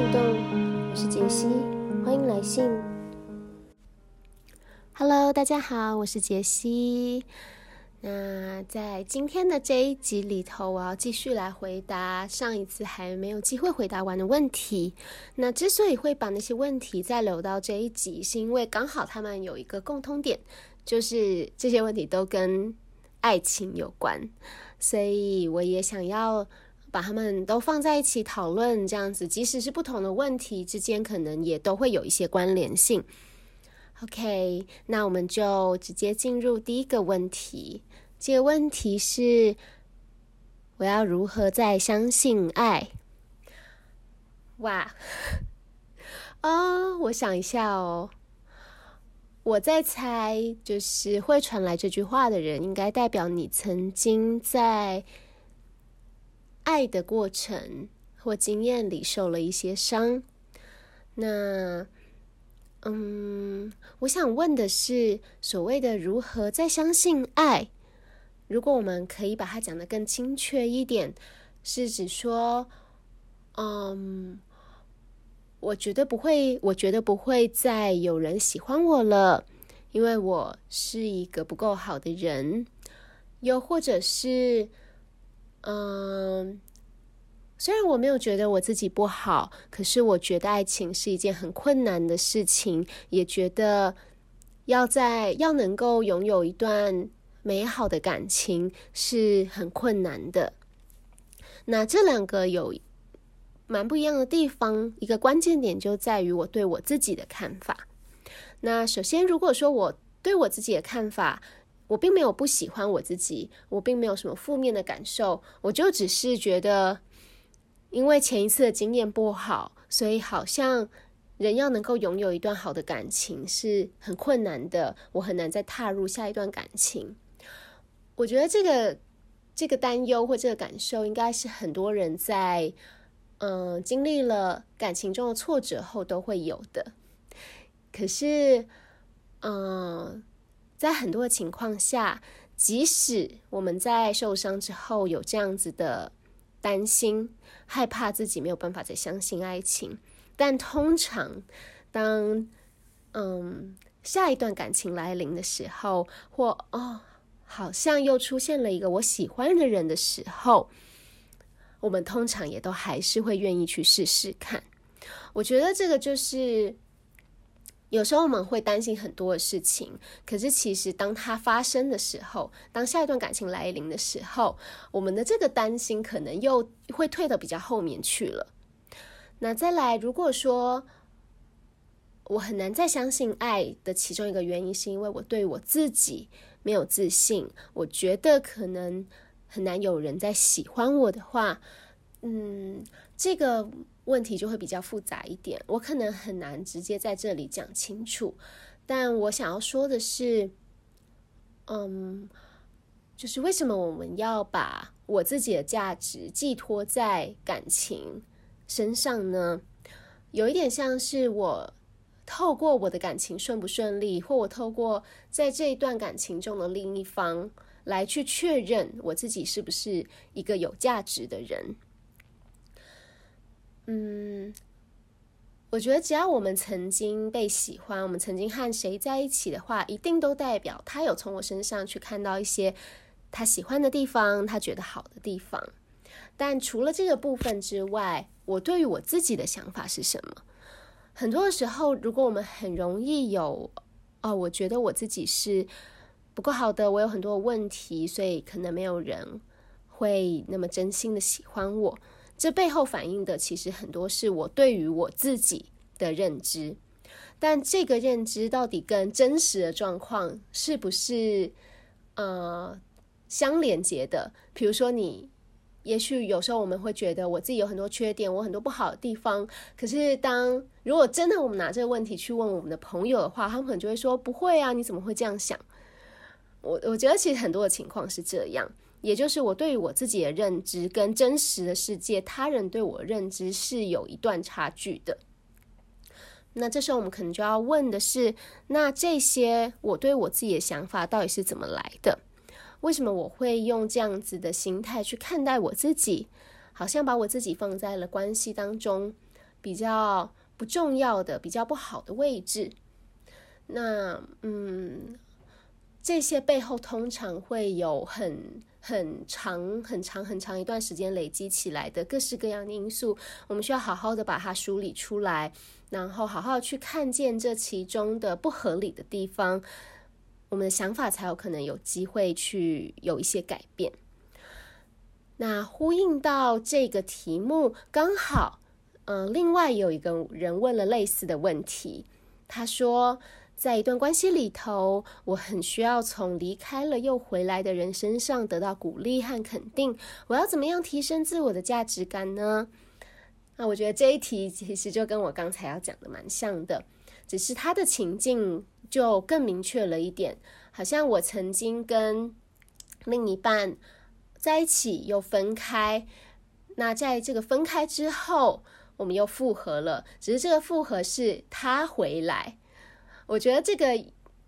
樹洞，我是潔西，歡迎來信。Hello，大家好，我是潔西。那在今天的這一集裡頭，我要繼續來回答上一次還沒有機會回答完的問題。那之所以會把那些問題再留到這一集，是因為剛好他們有一個共通點，就是這些問題都跟愛情有關，所以我也想要，把他們都放在一起討論，這樣子，即使是不同的問題之間，可能也都會有一些關聯性。OK，那我們就直接進入第一個問題。這個問題是：我要如何再相信愛？哇，哦，我想一下哦，我在猜，就是會傳來這句話的人，應該代表你曾經在。愛的過程或經驗裡受了一些傷，那，嗯，我想問的是，所謂的如何再相信愛？如果我們可以把它講得更精確一點，是指說，嗯，我絕對不會，我覺得不會再有人喜歡我了，因為我是一個不夠好的人，又或者是。嗯，雖然我沒有覺得我自己不好，可是我覺得愛情是一件很困難的事情，也覺得要在，要能夠擁有一段美好的感情是很困難的。那這兩個有蠻不一樣的地方，一個關鍵點就在於我對我自己的看法。那首先，如果說我對我自己的看法，我並沒有不喜歡我自己，我並沒有什麼負面的感受，我就只是覺得，因為前一次的經驗不好，所以好像人要能夠擁有一段好的感情是很困難的，我很難再踏入下一段感情。我覺得這個這個擔憂或這個感受，應該是很多人在嗯經歷了感情中的挫折後都會有的。可是，嗯。在很多的情況下，即使我們在受傷之後有這樣子的擔心、害怕自己沒有辦法再相信愛情，但通常當嗯下一段感情來臨的時候，或哦好像又出現了一個我喜歡的人的時候，我們通常也都還是會願意去試試看。我覺得這個就是。有時候我們會擔心很多的事情，可是其實當它發生的時候，當下一段感情來臨的時候，我們的這個擔心可能又會退到比較後面去了。那再來，如果說我很難再相信愛的其中一個原因，是因為我對我自己沒有自信，我覺得可能很難有人再喜歡我的話。嗯，這個問題就會比較複雜一點，我可能很難直接在這裡講清楚，但我想要說的是，嗯，就是為什麼我們要把我自己的價值寄託在感情身上呢？有一點像是我透過我的感情順不順利，或我透過在這一段感情中的另一方，來去確認我自己是不是一個有價值的人。嗯，我覺得只要我們曾經被喜歡，我們曾經和誰在一起的話，一定都代表他有從我身上去看到一些他喜歡的地方，他覺得好的地方。但除了這個部分之外，我對於我自己的想法是什麼？很多的時候，如果我們很容易有，哦，我覺得我自己是不夠好的，我有很多問題，所以可能沒有人會那麼真心的喜歡我。這背後反映的其實很多是我對於我自己的認知，但這個認知到底跟真實的狀況是不是呃相連接的？比如說你，也許有時候我們會覺得我自己有很多缺點，我很多不好的地方。可是當如果真的我們拿這個問題去問我們的朋友的話，他們可能就會說不會啊，你怎麼會這樣想？我我覺得其實很多的情況是這樣。也就是我對於我自己的認知跟真實的世界，他人對我的認知是有一段差距的。那這時候我們可能就要問的是：那這些我對我自己的想法到底是怎麼來的？為什麼我會用這樣子的心態去看待我自己？好像把我自己放在了關係當中比較不重要的、比較不好的位置。那嗯，這些背後通常會有很很長、很長、很長一段時間累積起來的各式各樣的因素，我們需要好好的把它梳理出來，然後好好去看見這其中的不合理的地方，我們的想法才有可能有機會去有一些改變。那呼應到這個題目，剛好，嗯、呃，另外有一個人問了類似的問題，他說，在一段關係裡頭，我很需要從離開了又回來的人身上得到鼓勵和肯定。我要怎麼樣提升自我的價值感呢？那我覺得這一題其實就跟我剛才要講的蠻像的，只是他的情境就更明確了一點。好像我曾經跟另一半在一起又分開，那在這個分開之後，我們又復合了，只是這個復合是他回來。我覺得這個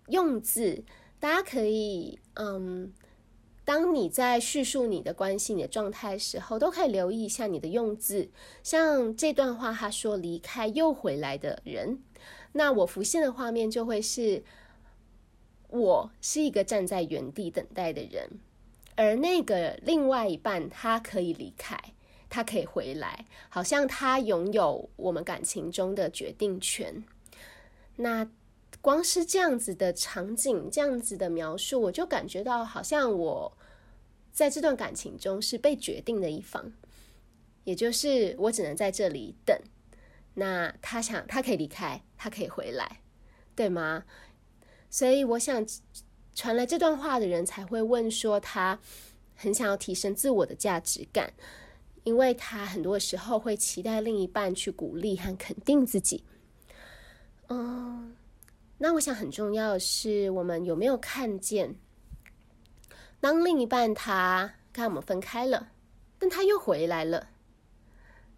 用字，大家可以，嗯，當你在敘述你的關係、你的狀態的時候，都可以留意一下你的用字。像這段話，他說“離開又回來的人”，那我浮現的畫面就會是：我是一個站在原地等待的人，而那個另外一半，他可以離開，他可以回來，好像他擁有我們感情中的決定權。那。光是這樣子的場景，這樣子的描述，我就感覺到好像我在這段感情中是被決定的一方，也就是我只能在這裡等。那他想，他可以離開，他可以回來，對嗎？所以我想，傳來這段話的人才會問說，他很想要提升自我的價值感，因為他很多時候會期待另一半去鼓勵和肯定自己。嗯。那我想很重要的是，我們有沒有看見，當另一半他跟我們分開了，但他又回來了，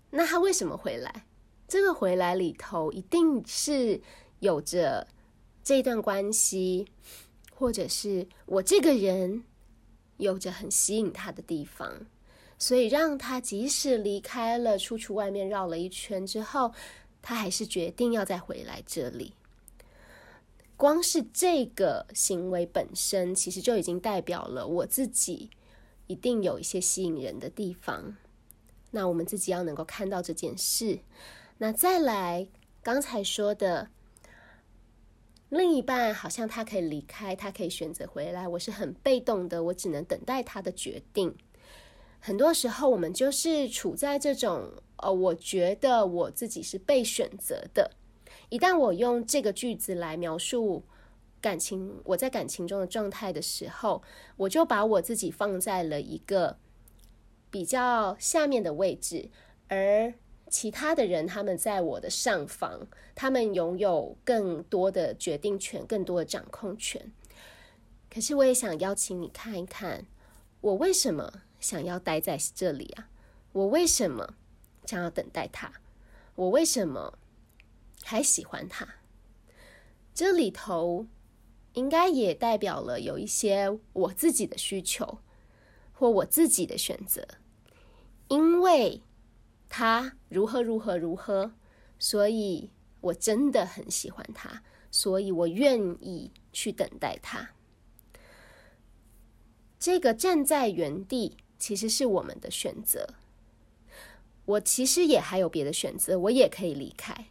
那他為什麼回來？這個回來裡頭一定是有着這段關係，或者是我這個人有着很吸引他的地方，所以讓他即使離開了，出去外面繞了一圈之後，他還是決定要再回來這裡。光是這個行為本身，其實就已經代表了我自己一定有一些吸引人的地方。那我們自己要能夠看到這件事。那再來剛才說的，另一半好像他可以離開，他可以選擇回來，我是很被動的，我只能等待他的決定。很多時候，我們就是處在這種，呃，我覺得我自己是被選擇的。一旦我用這個句子來描述感情，我在感情中的狀態的時候，我就把我自己放在了一個比較下面的位置，而其他的人他們在我的上方，他們擁有更多的決定權，更多的掌控權。可是，我也想邀請你看一看，我為什麼想要待在這裡啊？我為什麼想要等待他？我為什麼還喜歡他，這裡頭應該也代表了有一些我自己的需求或我自己的選擇，因為他如何如何如何，所以我真的很喜歡他，所以我願意去等待他。這個站在原地其實是我們的選擇，我其實也還有別的選擇，我也可以離開。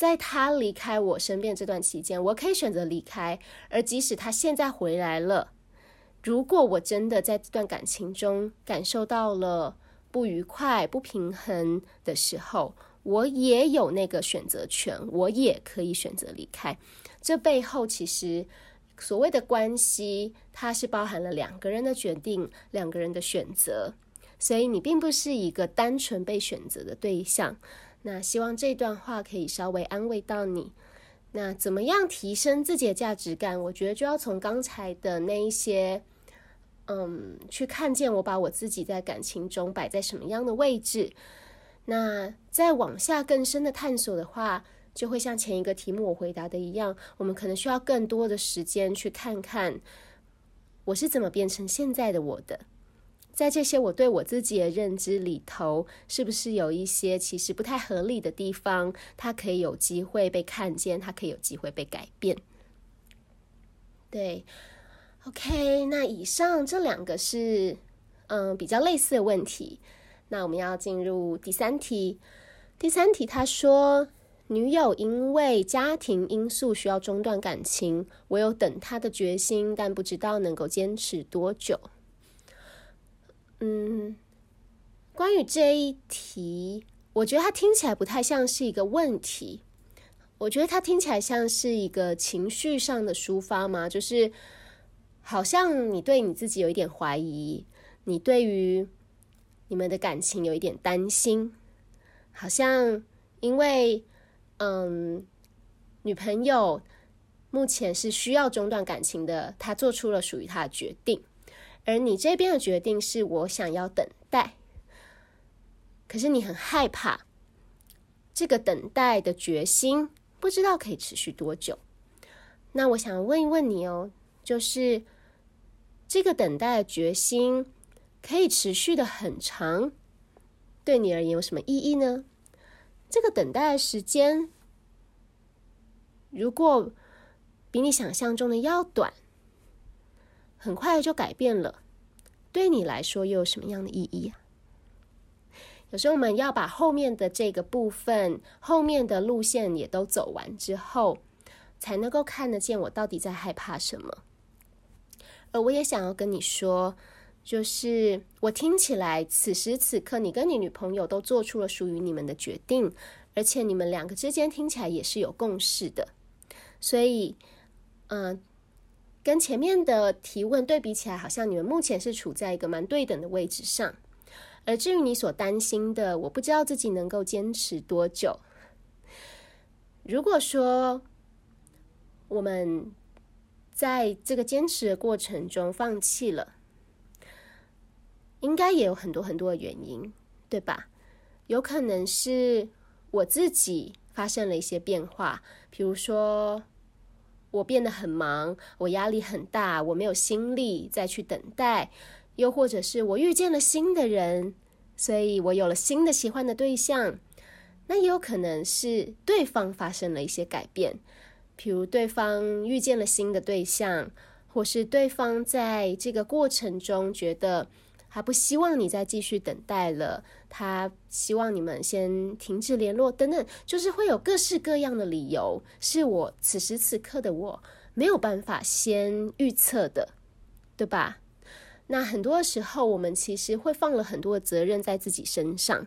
在他離開我身邊這段期間，我可以選擇離開。而即使他現在回來了，如果我真的在這段感情中感受到了不愉快、不平衡的時候，我也有那個選擇權，我也可以選擇離開。這背後其實，所謂的關係，它是包含了兩個人的決定、兩個人的選擇，所以你並不是一個單純被選擇的對象。那希望這段話可以稍微安慰到你。那怎麼樣提升自己的價值感？我覺得就要從剛才的那一些，嗯，去看見我把我自己在感情中擺在什麼樣的位置。那再往下更深的探索的話，就會像前一個題目我回答的一樣，我們可能需要更多的時間去看看我是怎麼變成現在的我的。在這些我對我自己的認知裡頭，是不是有一些其實不太合理的地方？他可以有機會被看見，他可以有機會被改變。對，OK，那以上這兩個是嗯比較類似的問題。那我們要進入第三題。第三題他說，女友因為家庭因素需要中斷感情，我有等她的決心，但不知道能夠堅持多久。嗯，關於這一題，我覺得它聽起來不太像是一個問題。我覺得它聽起來像是一個情緒上的抒發嘛，就是好像你對你自己有一點懷疑，你對於你們的感情有一點擔心，好像因為嗯，女朋友目前是需要中斷感情的，她做出了屬於她的決定。而你這邊的決定是我想要等待，可是你很害怕這個等待的決心不知道可以持續多久。那我想問一問你哦，就是這個等待的決心可以持續的很長，對你而言有什麼意義呢？這個等待的時間如果比你想象中的要短，很快就改變了，對你來說又有什麼樣的意義啊？有時候我們要把後面的這個部分、後面的路線也都走完之後，才能夠看得見我到底在害怕什麼。而我也想要跟你說，就是我聽起來此時此刻你跟你女朋友都做出了屬於你們的決定，而且你們兩個之間聽起來也是有共識的。所以，嗯、呃。跟前面的提問對比起來，好像你們目前是處在一個蠻對等的位置上。而至於你所擔心的，我不知道自己能夠堅持多久。如果說我們在這個堅持的過程中放棄了，應該也有很多很多的原因，對吧？有可能是我自己發生了一些變化，比如說。我變得很忙，我壓力很大，我沒有心力再去等待。又或者是我遇見了新的人，所以我有了新的喜歡的對象。那也有可能是對方發生了一些改變，譬如對方遇見了新的對象，或是對方在這個過程中覺得。他不希望你再繼續等待了，他希望你們先停止聯絡，等等，就是會有各式各樣的理由，是我此時此刻的我沒有辦法先預測的，對吧？那很多時候，我們其實會放了很多的責任在自己身上，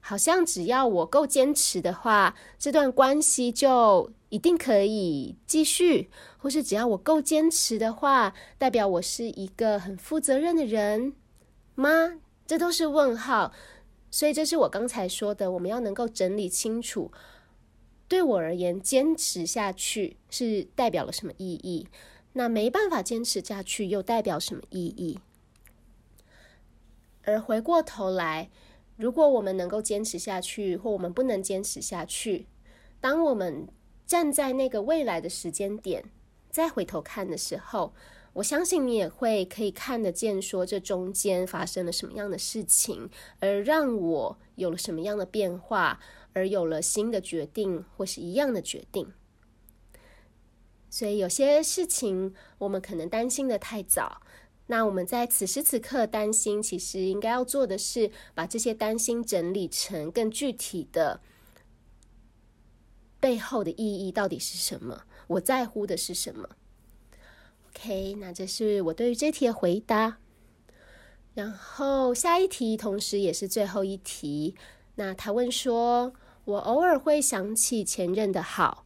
好像只要我夠堅持的話，這段關係就一定可以繼續，或是只要我夠堅持的話，代表我是一個很負責任的人。嗎？這都是問號，所以這是我剛才說的，我們要能夠整理清楚。對我而言，堅持下去是代表了什麼意義？那沒辦法堅持下去又代表什麼意義？而回過頭來，如果我們能夠堅持下去，或我們不能堅持下去，當我們站在那個未來的時間點，再回頭看的時候，我相信你也會可以看得見，說這中間發生了什麼樣的事情，而讓我有了什麼樣的變化，而有了新的決定或是一樣的決定。所以有些事情我們可能擔心的太早，那我們在此時此刻擔心，其實應該要做的是把這些擔心整理成更具體的背後的意義到底是什麼，我在乎的是什麼。OK，那這是我對於這題的回答。然後下一題，同時也是最後一題，那他問說：“我偶爾會想起前任的好，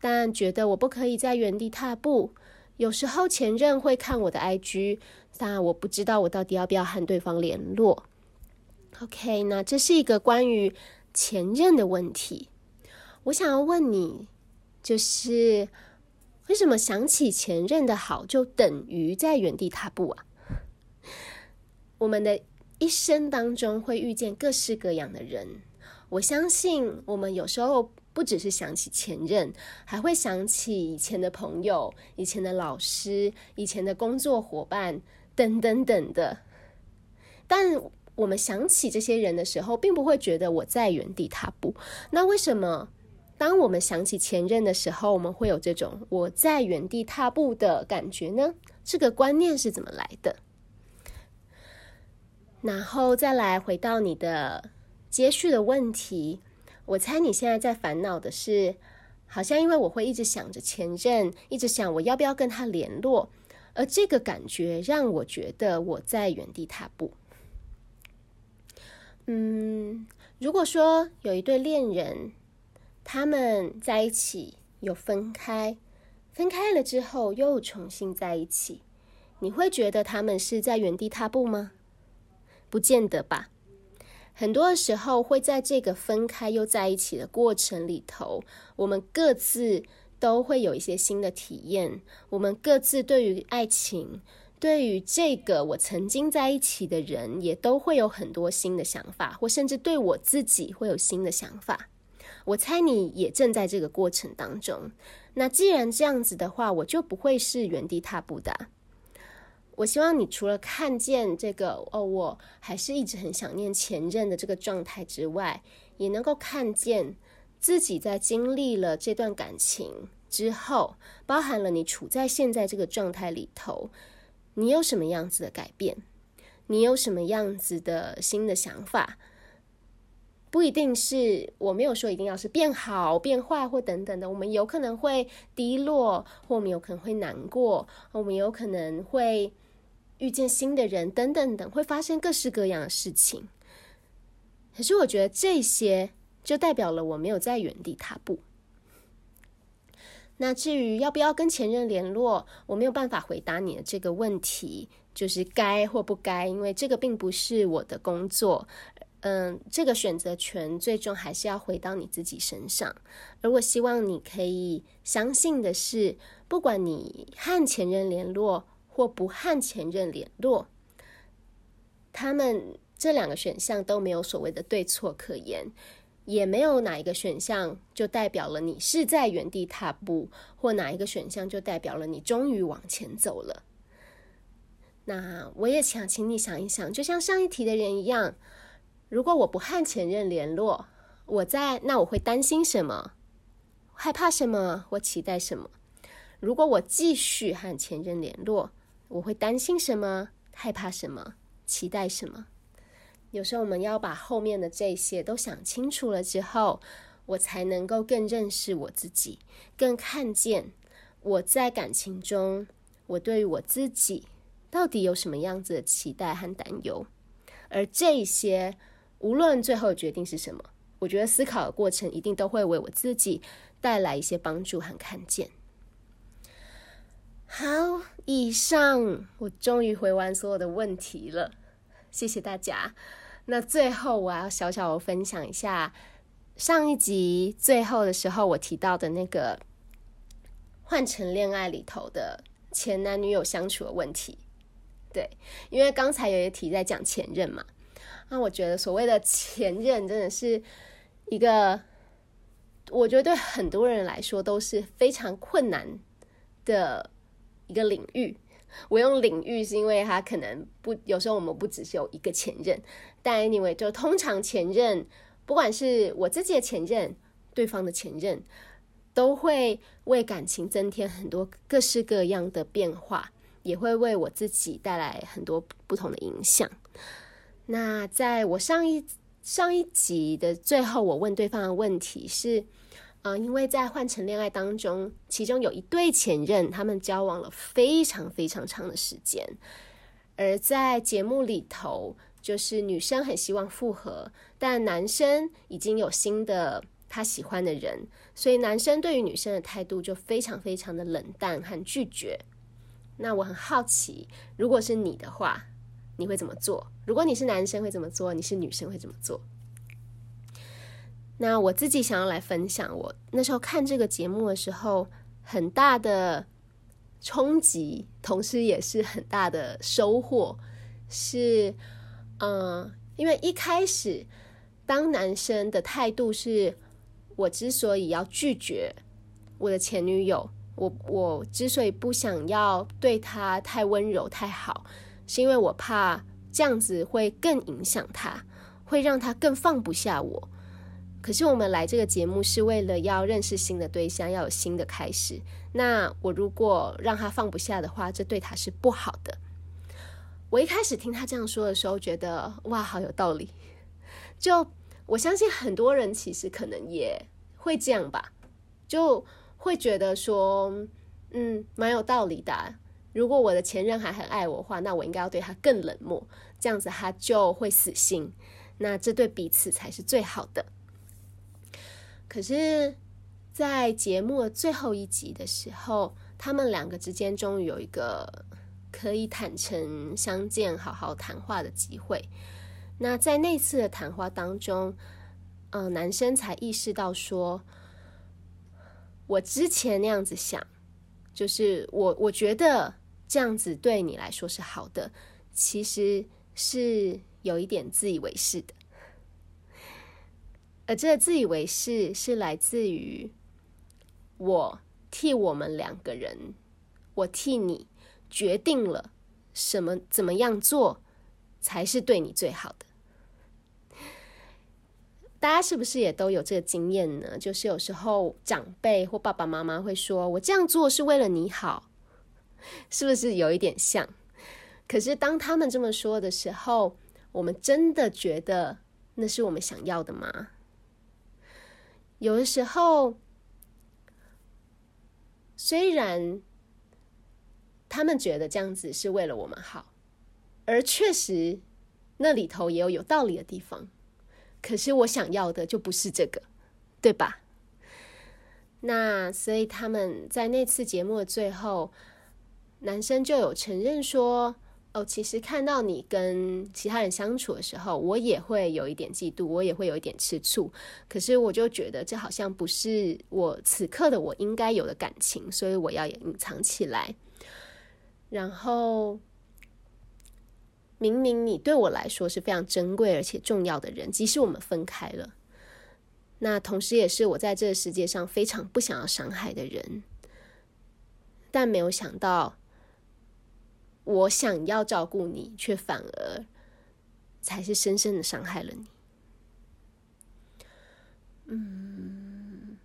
但覺得我不可以在原地踏步。有時候前任會看我的 IG，但我不知道我到底要不要和對方聯絡。” OK，那這是一個關於前任的問題。我想要問你，就是，為什麼想起前任的好就等於在原地踏步啊？我們的一生當中會遇見各式各樣的人，我相信我們有時候不只是想起前任，還會想起以前的朋友、以前的老師、以前的工作夥伴等等等等的。但我們想起這些人的時候，並不會覺得我在原地踏步。那為什麼？當我們想起前任的時候，我們會有這種我在原地踏步的感覺呢？這個觀念是怎麼來的？然後再來回到你的接續的問題，我猜你現在在煩惱的是，好像因為我會一直想着前任，一直想我要不要跟他聯絡，而這個感覺讓我覺得我在原地踏步。嗯，如果說有一對戀人，他們在一起又分開，分開了之後又重新在一起，你會覺得他們是在原地踏步嗎？不見得吧。很多時候會在這個分開又在一起的過程裡頭，我們各自都會有一些新的體驗。我們各自對於愛情，對於這個我曾經在一起的人，也都會有很多新的想法，或甚至對我自己會有新的想法。我猜你也正在這個過程當中，那既然這樣子的話，我就不會是原地踏步的。我希望你除了看見這個哦，我還是一直很想念前任的這個狀態之外，也能夠看見自己在經歷了這段感情之後，包含了你處在現在這個狀態裡頭，你有什麼樣子的改變？你有什麼樣子的新的想法？不一定是我沒有說一定要是變好、變壞或等等的，我們有可能會低落，或我們有可能會難過，我們有可能會遇見新的人，等等等，會發生各式各樣的事情。可是我覺得這些就代表了我沒有在原地踏步。那至於要不要跟前任聯絡，我沒有辦法回答你的這個問題，就是該或不該，因為這個並不是我的工作。嗯，這個選擇權最終還是要回到你自己身上。而我希望你可以相信的是，不管你和前任聯絡或不和前任聯絡，他們這兩個選項都沒有所謂的對錯可言，也沒有哪一個選項就代表了你是在原地踏步，或哪一個選項就代表了你終於往前走了。那我也想請你想一想，就像上一題的人一樣。如果我不和前任聯絡，我在那我會擔心什麼，害怕什麼，我期待什麼？如果我繼續和前任聯絡，我會擔心什麼，害怕什麼，期待什麼？有時候我們要把後面的這些都想清楚了之後，我才能夠更認識我自己，更看見我在感情中，我對於我自己到底有什麼樣子的期待和擔憂，而這些。無論最後決定是什麼，我覺得思考的過程一定都會為我自己帶來一些幫助和看見。好，以上我終於回完所有的問題了，謝謝大家。那最後我要小小的分享一下上一集最後的時候我提到的那個換成戀愛裡頭的前男女友相處的問題。對，因為剛才有一題在講前任嘛。那、啊、我覺得，所謂的前任真的是一個，我覺得對很多人來說都是非常困難的一個領域。我用領域是因為他可能不，有時候我們不只是有一個前任，但 anyway，就通常前任，不管是我自己的前任，對方的前任，都會為感情增添很多各式各樣的變化，也會為我自己帶來很多不同的影響。那在我上一上一集的最後，我問對方的問題是，啊、呃，因為在換乘戀愛當中，其中有一對前任，他們交往了非常非常長的時間，而在節目裡頭，就是女生很希望復合，但男生已經有新的他喜歡的人，所以男生對於女生的態度就非常非常的冷淡和拒絕。那我很好奇，如果是你的話。你會怎麼做？如果你是男生會怎麼做？你是女生會怎麼做？那我自己想要來分享，我那時候看這個節目的時候，很大的衝擊，同時也是很大的收穫。是，嗯，因為一開始當男生的態度是，我之所以要拒絕我的前女友，我我之所以不想要對她太溫柔太好。是因為我怕這樣子會更影響他，會讓他更放不下我。可是我們來這個節目是為了要認識新的對象，要有新的開始。那我如果讓他放不下的話，這對他是不好的。我一開始聽他這樣說的時候，覺得哇，好有道理。就我相信很多人其實可能也會這樣吧，就會覺得說，嗯，蠻有道理的啊。如果我的前任還很愛我的話，那我應該要對他更冷漠，這樣子他就會死心。那這對彼此才是最好的。可是，在節目的最後一集的時候，他們兩個之間終於有一個可以坦誠相見、好好談話的機會。那在那次的談話當中，嗯、呃，男生才意識到說，我之前那樣子想，就是我我覺得。這樣子對你來說是好的，其實是有一點自以為是的。而這個自以為是是來自於我替我們兩個人，我替你決定了什麼，怎麼樣做才是對你最好的。大家是不是也都有這個經驗呢？就是有時候長輩或爸爸媽媽會說：“我這樣做是為了你好。”是不是有一點像？可是當他們這麼說的時候，我們真的覺得那是我們想要的嗎？有的時候，雖然他們覺得這樣子是為了我們好，而確實那裡頭也有有道理的地方，可是我想要的就不是這個，對吧？那所以他們在那次節目的最後，男生就有承認說：“哦，其實看到你跟其他人相處的時候，我也會有一點嫉妒，我也會有一點吃醋。可是我就覺得這好像不是我此刻的我應該有的感情，所以我要隱藏起來。然後，明明你對我來說是非常珍貴而且重要的人，即使我們分開了，那同時也是我在這個世界上非常不想要傷害的人。但沒有想到。”我想要照顧你，卻反而才是深深的傷害了你。嗯，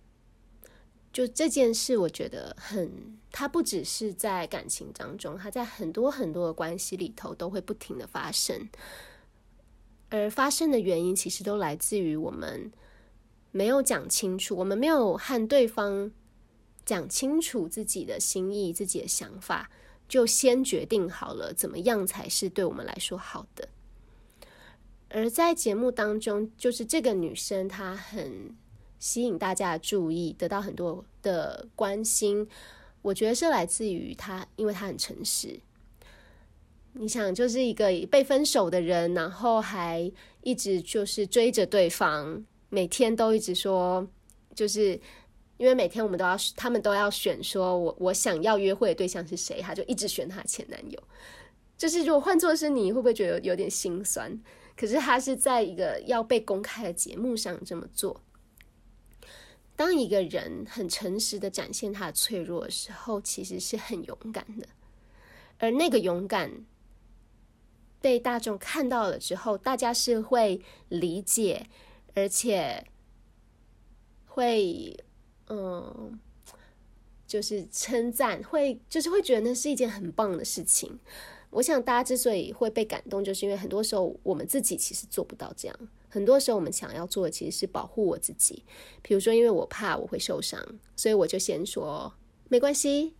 就這件事，我覺得很，它不只是在感情當中，它在很多很多的關係裡頭都會不停的發生，而發生的原因其實都來自於我們沒有講清楚，我們沒有和對方講清楚自己的心意，自己的想法。就先決定好了，怎麼樣才是對我們來說好的。而在節目當中，就是這個女生她很吸引大家的注意，得到很多的關心。我覺得是來自於她，因為她很誠實。你想，就是一個被分手的人，然後還一直就是追着對方，每天都一直說，就是。因為每天我們都要，他們都要選，說我我想要約會的對象是誰，他就一直選他前男友。就是如果換做是你會不會覺得有,有點心酸？可是他是在一個要被公開的節目上這麼做。當一個人很誠實的展現他的脆弱的時候，其實是很勇敢的。而那個勇敢被大眾看到了之後，大家是會理解，而且會。嗯，就是稱讚，會就是會覺得那是一件很棒的事情。我想大家之所以會被感動，就是因為很多時候我們自己其實做不到這樣。很多時候我們想要做的其實是保護我自己，比如說因為我怕我會受傷，所以我就先說沒關係，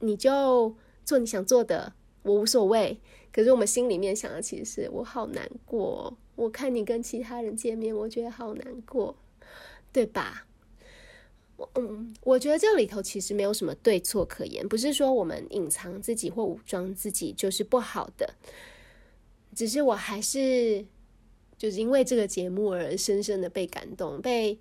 你就做你想做的，我無所謂。可是我們心裡面想的其實是我好難過，我看你跟其他人見面，我覺得好難過，對吧？嗯，我覺得這裡頭其實沒有什麼對錯可言，不是說我們隱藏自己或武裝自己就是不好的。只是我還是就是因為這個節目而深深的被感動，被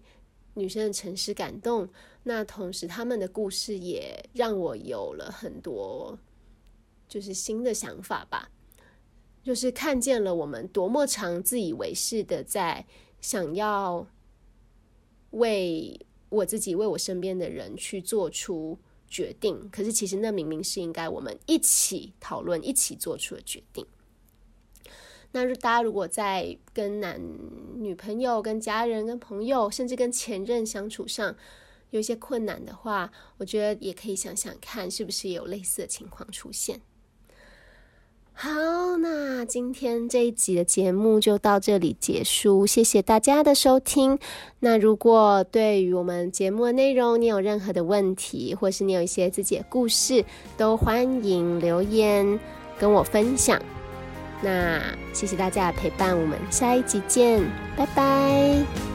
女生的誠實感動。那同時，她們的故事也讓我有了很多就是新的想法吧，就是看見了我們多麼常自以為是的在想要為。我自己為我身邊的人去做出決定，可是其實那明明是應該我們一起討論、一起做出的決定。那大家如果在跟男女朋友、跟家人、跟朋友，甚至跟前任相處上有一些困難的話，我覺得也可以想想看，是不是有類似的情況出現。好，那今天這一集的節目就到這裡結束。謝謝大家的收聽。那如果對於我們節目的內容，你有任何的問題，或是你有一些自己的故事，都歡迎留言跟我分享。那謝謝大家的陪伴，我們下一集見，拜拜。